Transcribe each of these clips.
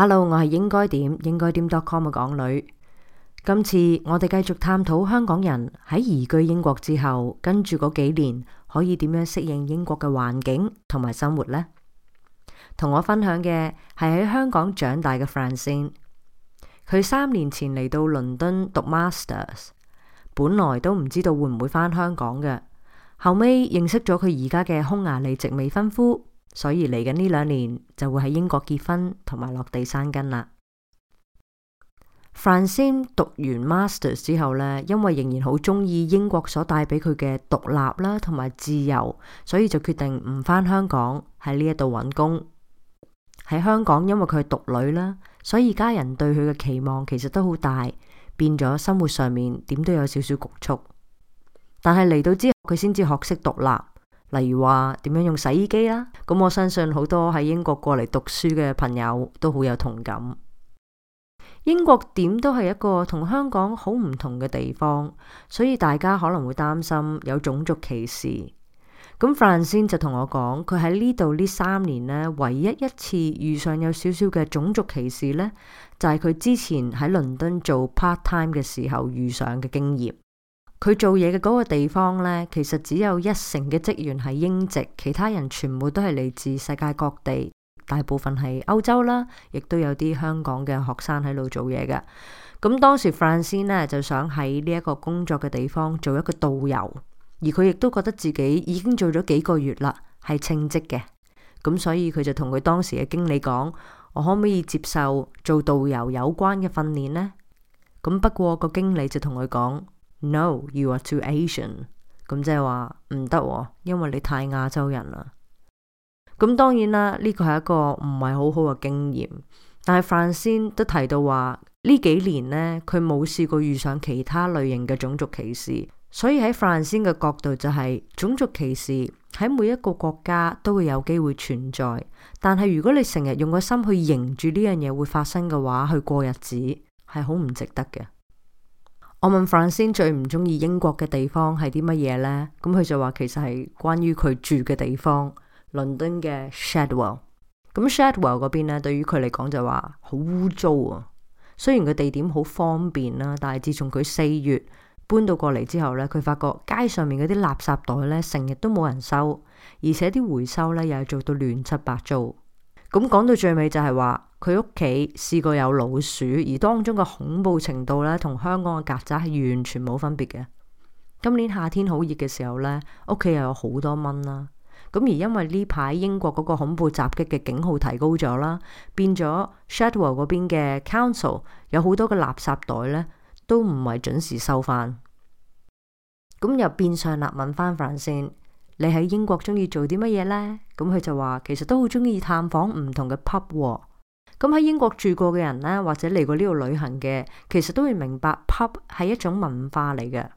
Hello，我係應該點應該點 .com 嘅港女。今次我哋繼續探討香港人喺移居英國之後，跟住嗰幾年可以點樣適應英國嘅環境同埋生活呢？同我分享嘅係喺香港長大嘅 Francine，佢三年前嚟到倫敦讀 masters，本來都唔知道會唔會翻香港嘅，後尾認識咗佢而家嘅匈牙利籍未婚夫。所以嚟緊呢兩年就會喺英國結婚同埋落地生根啦。范先讀完 master 之後呢，因為仍然好中意英國所帶俾佢嘅獨立啦，同埋自由，所以就決定唔返香港喺呢一度揾工。喺香港因為佢係獨女啦，所以家人對佢嘅期望其實都好大，變咗生活上面點都有少少局促。但係嚟到之後佢先至學識獨立。例如話點樣用洗衣機啦，咁我相信好多喺英國過嚟讀書嘅朋友都好有同感。英國點都係一個同香港好唔同嘅地方，所以大家可能會擔心有種族歧視。咁 Fran 先就同我講，佢喺呢度呢三年呢唯一一次遇上有少少嘅種族歧視呢，就係佢之前喺倫敦做 part time 嘅時候遇上嘅經驗。佢做嘢嘅嗰個地方咧，其實只有一成嘅職員係英籍，其他人全部都係嚟自世界各地，大部分係歐洲啦，亦都有啲香港嘅學生喺度做嘢嘅。咁當時 Francine 咧，就想喺呢一個工作嘅地方做一個導遊，而佢亦都覺得自己已經做咗幾個月啦，係稱職嘅。咁所以佢就同佢當時嘅經理講：我可唔可以接受做導遊有關嘅訓練咧？咁不過個經理就同佢講。No, you are too Asian。咁即係話唔得，因為你太亞洲人啦。咁當然啦，呢個係一個唔係好好嘅經驗。但係范先都提到話呢幾年呢，佢冇試過遇上其他類型嘅種族歧視。所以喺范先嘅角度就係、是，種族歧視喺每一個國家都會有機會存在。但係如果你成日用個心去迎住呢樣嘢會發生嘅話，去過日子係好唔值得嘅。我問 Francine 最唔中意英國嘅地方係啲乜嘢呢？咁佢就話其實係關於佢住嘅地方倫敦嘅 Shadwell。咁 Shadwell 嗰邊咧，對於佢嚟講就話好污糟啊。雖然佢地點好方便啦，但係自從佢四月搬到過嚟之後咧，佢發覺街上面嗰啲垃圾袋咧成日都冇人收，而且啲回收咧又係做到亂七八糟。咁講到最尾就係話，佢屋企試過有老鼠，而當中嘅恐怖程度咧，同香港嘅曱甴係完全冇分別嘅。今年夏天好熱嘅時候咧，屋企又有好多蚊啦。咁而因為呢排英國嗰個恐怖襲擊嘅警號提高咗啦，變咗 Shadwell 嗰邊嘅 Council 有好多嘅垃圾袋咧，都唔係準時收翻。咁又變相啦，問翻凡先。你喺英國中意做啲乜嘢呢？咁佢就話其實都好中意探訪唔同嘅 pub 喎。咁喺英國住過嘅人呢，或者嚟過呢度旅行嘅，其實都會明白 pub 係一種文化嚟嘅。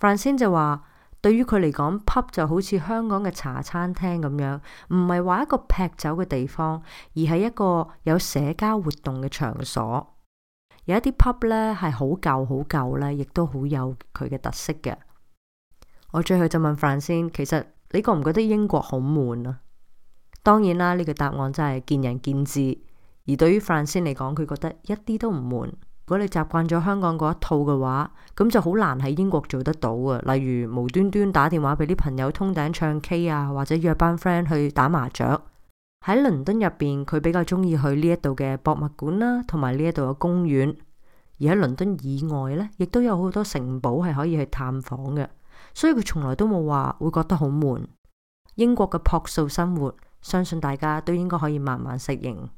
Francine 就話對於佢嚟講，pub 就好似香港嘅茶餐廳咁樣，唔係話一個劈酒嘅地方，而係一個有社交活動嘅場所。有一啲 pub 咧係好舊好舊咧，亦都好有佢嘅特色嘅。我最後就問 Francine，其實。你覺唔覺得英國好悶啊？當然啦，呢個答案真係見仁見智。而對於 Francis 嚟講，佢覺得一啲都唔悶。如果你習慣咗香港嗰一套嘅話，咁就好難喺英國做得到啊。例如無端端打電話俾啲朋友通頂唱 K 啊，或者約班 friend 去打麻雀。喺倫敦入邊，佢比較中意去呢一度嘅博物館啦，同埋呢一度嘅公園。而喺倫敦以外咧，亦都有好多城堡係可以去探訪嘅。所以佢從來都冇話會覺得好悶。英國嘅樸素生活，相信大家都應該可以慢慢適應。